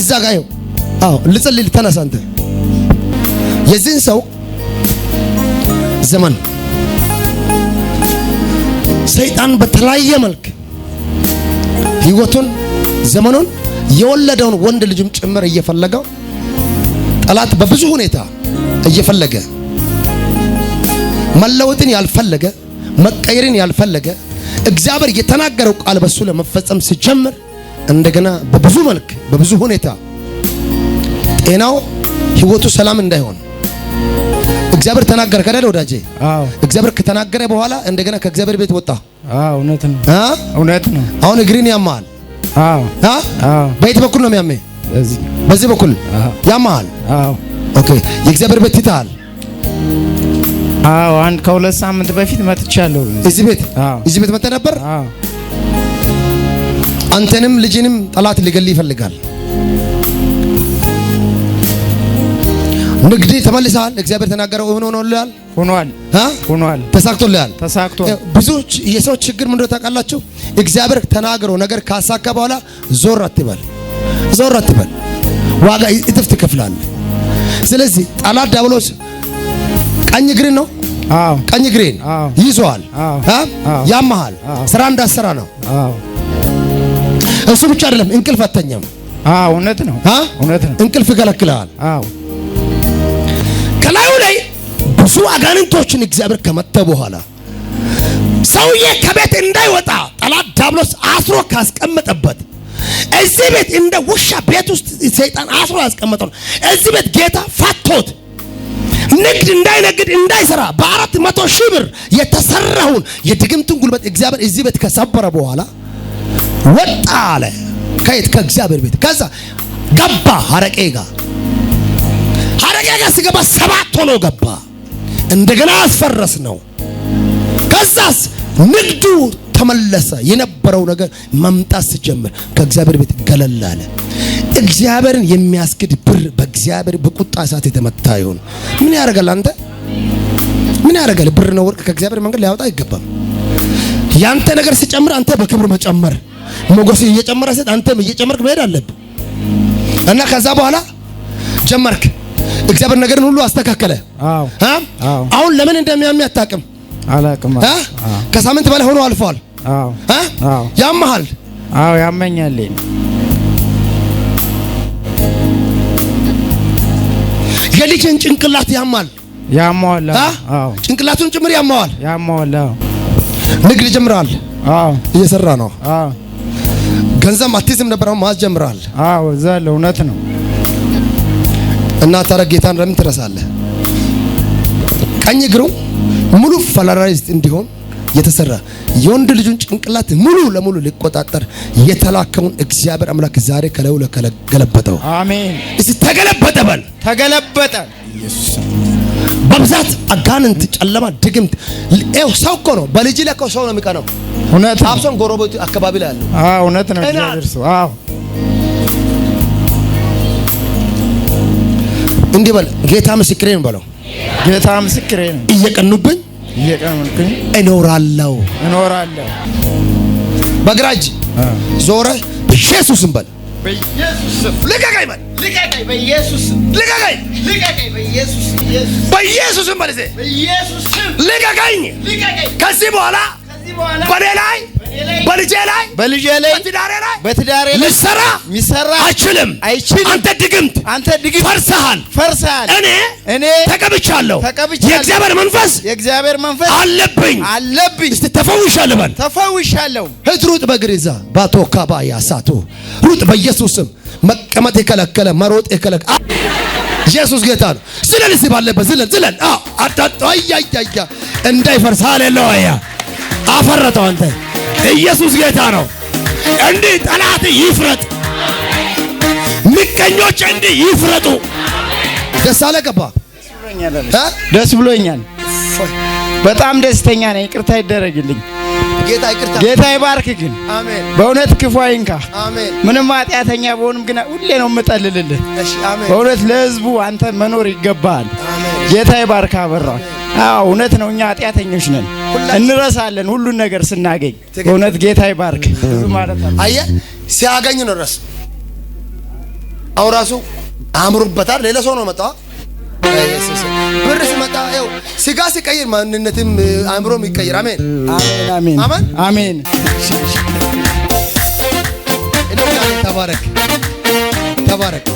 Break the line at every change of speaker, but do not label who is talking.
እዛ ጋ አዎ ልጸልል። ተነሳ አንተ። የዚህን ሰው ዘመን ሰይጣን በተለያየ መልክ ህይወቱን፣ ዘመኑን የወለደውን ወንድ ልጅም ጭምር እየፈለገው ጠላት በብዙ ሁኔታ እየፈለገ መለወጥን ያልፈለገ መቀየርን ያልፈለገ እግዚአብሔር የተናገረው ቃል በሱ ለመፈጸም ሲጀምር እንደገና በብዙ መልክ በብዙ ሁኔታ ጤናው ህይወቱ ሰላም እንዳይሆን እግዚአብሔር ተናገረ። ከዳለ ወዳጄ፣ አዎ እግዚአብሔር ከተናገረ በኋላ እንደገና ከእግዚአብሔር ቤት ወጣ።
አዎ እውነት ነው፣ እውነት ነው።
አሁን እግሪን ያማል። አዎ አዎ፣ በየት በኩል ነው የሚያመኝ የሚያመህ? በዚህ በኩል ያማል። አዎ ኦኬ። የእግዚአብሔር ቤት ይታል።
አዎ አንድ ከሁለት ሳምንት በፊት መጥቻለሁ እዚህ ቤት። እዚህ ቤት መጥተህ ነበር? አዎ
አንተንም ልጅንም ጠላት ሊገል ይፈልጋል። ንግድ ተመልሰሃል። እግዚአብሔር ተናገረው ሆኖ ሆኖልሃል። ሆኗል አ ሆኗል። ተሳክቶልሃል። ተሳክቶ ብዙ የሰው ችግር ምንድነው ነው ታውቃላችሁ? እግዚአብሔር ተናግሮ ነገር ካሳካ በኋላ ዞር አትበል፣ ዞር አትበል። ዋጋ እጥፍ ትከፍላለህ። ስለዚህ ጠላት ዲያብሎስ ቀኝ እግርን ነው አዎ፣ ቀኝ እግሬን ይዞሃል፣ ያመሃል፣ ስራ እንዳሰራ ነው። አዎ እሱ ብቻ አይደለም፣ እንቅልፍ አተኛም። አዎ እውነት ነው፣ እውነት ነው። እንቅልፍ ይከለክልሃል። አዎ ከላዩ ላይ ብዙ አጋንንቶችን እግዚአብሔር ከመተ በኋላ ሰውዬ ከቤት እንዳይወጣ ጠላት ዳብሎስ አስሮ ካስቀመጠበት እዚህ ቤት እንደ ውሻ ቤት ውስጥ ሰይጣን አስሮ ያስቀመጠው እዚህ ቤት ጌታ ፈቶት ንግድ እንዳይነግድ እንዳይሰራ በአራት መቶ ሺህ ብር የተሰራውን የድግምትን ጉልበት እግዚአብሔር እዚህ ቤት ከሰበረ በኋላ ወጣ አለ። ከየት? ከእግዚአብሔር ቤት። ከዛ ገባ አረቄ ጋር። አረቄ ጋር ሲገባ ሰባት ሆኖ ገባ። እንደገና አስፈረስ ነው። ከዛስ ንግዱ ተመለሰ። የነበረው ነገር መምጣት ሲጀምር ከእግዚአብሔር ቤት ገለል አለ። እግዚአብሔርን የሚያስክድ ብር በእግዚአብሔር በቁጣ እሳት የተመታ ይሆን። ምን ያደርጋል? አንተ ምን ያደርጋል? ብር ነው ወርቅ ከእግዚአብሔር መንገድ ሊያወጣ አይገባም። ያንተ ነገር ሲጨምር አንተ በክብር መጨመር ሞገስ እየጨመረ ሴት አንተም እየጨመርክ መሄድ አለብህ እና ከዛ በኋላ ጀመርክ። እግዚአብሔር ነገርን ሁሉ አስተካከለ። አሁን ለምን እንደሚያም አታውቅም። ከሳምንት በላይ ሆኖ አልፏል። ያመሃል?
አዎ ያመኛል።
የልጅን ጭንቅላት ያማል። ያማዋል። አዎ ጭንቅላቱን ጭምር ያማዋል። ያማዋል። ንግድ ጀምረሃል? አዎ እየሰራ ነው። አዎ ገንዘብ አትይዝም ነበር፣ አሁን መያዝ ጀምረሃል።
አዎ እዛ ያለው እውነት ነው።
እና ታዲያ ጌታን ለምን ትረሳለህ? ቀኝ እግሩ ሙሉ ፓራላይዝድ እንዲሆን የተሰራ የወንድ ልጁን ጭንቅላት ሙሉ ለሙሉ ሊቆጣጠር የተላከውን እግዚአብሔር አምላክ ዛሬ ከለው ለገለበጠው። አሜን። እስቲ ተገለበጠ በል፣
ተገለበጠ።
በብዛት አጋንንት፣ ጨለማ፣ ድግምት ሰው እኮ ነው። በልጅ ለከው ሰው ነው የሚቀነው እውነት ሳምሶን ጎረቤቱ አካባቢ ላይ አለ። አዎ እውነት ነው። እግዚአብሔር ሰው አዎ እንዲህ በል ጌታ ምስክሬ በለው።
ጌታ ምስክሬ
እየቀኑብኝ
እየቀኑብኝ
እኖራለሁ
እኖራለሁ።
በግራ እጅ ዞረ በኢየሱስም በል
በኢየሱስም በል ልቀቀኝ በኢየሱስም በል ልቀቀኝ
ከዚህ በኋላ በኔ ላይ በልጄ ላይ በልጄ ላይ በትዳሬ ላይ በትዳሬ ላይ ሊሰራ ሚሰራ አይችልም አይችልም። አንተ ድግምት አንተ ድግምት ፈርሰሃል ፈርሰሃል። እኔ እኔ ተቀብቻለሁ ተቀብቻለሁ። የእግዚአብሔር መንፈስ
የእግዚአብሔር መንፈስ አለብኝ አለብኝ።
እስቲ ተፈውሻለሁ በል
ተፈውሻለሁ።
ሂድ ሩጥ በግሪዛ ባቶካ ባያሳቱ ሩጥ በኢየሱስም መቀመጥ የከለከለ መሮጥ የከለከለ ኢየሱስ ጌታ ነው። ስለልስ ባለበት ዝለል ዝለል አዎ አጣጣ አያ እንዳይፈርስ ሃሌሉያ አፈረጠው። አንተ ኢየሱስ ጌታ ነው። እንዲህ ጠላት ይፍረጥ፣ ምቀኞች እንዲህ ይፍረጡ። ደስ አለ ገባ። ደስ ብሎኛል። በጣም ደስተኛ ነኝ። ይቅርታ ይደረግልኝ። ጌታ ይባርክ። ግን በእውነት ክፉ አይንካ። ምንም ኃጢአተኛ በሆንም ግን ሁሌ ነው የምጠልልልህ። በእውነት ለህዝቡ አንተ መኖር ይገባሃል። ጌታ ይባርክ። አበራ እውነት ነው። እኛ ኃጢአተኞች ነን። እንረሳለን ሁሉን ነገር ስናገኝ። በእውነት ጌታ ይባርክ። ማለት ሲያገኝ ነው ረስ አሁን ራሱ አምሮበታል። ሌላ ሰው ነው መጣ ብር ሲመጣ ው ስጋ ሲቀይር ማንነትም አእምሮም ይቀይር። አሜን አሜን አሜን አሜን። ተባረክ ተባረክ።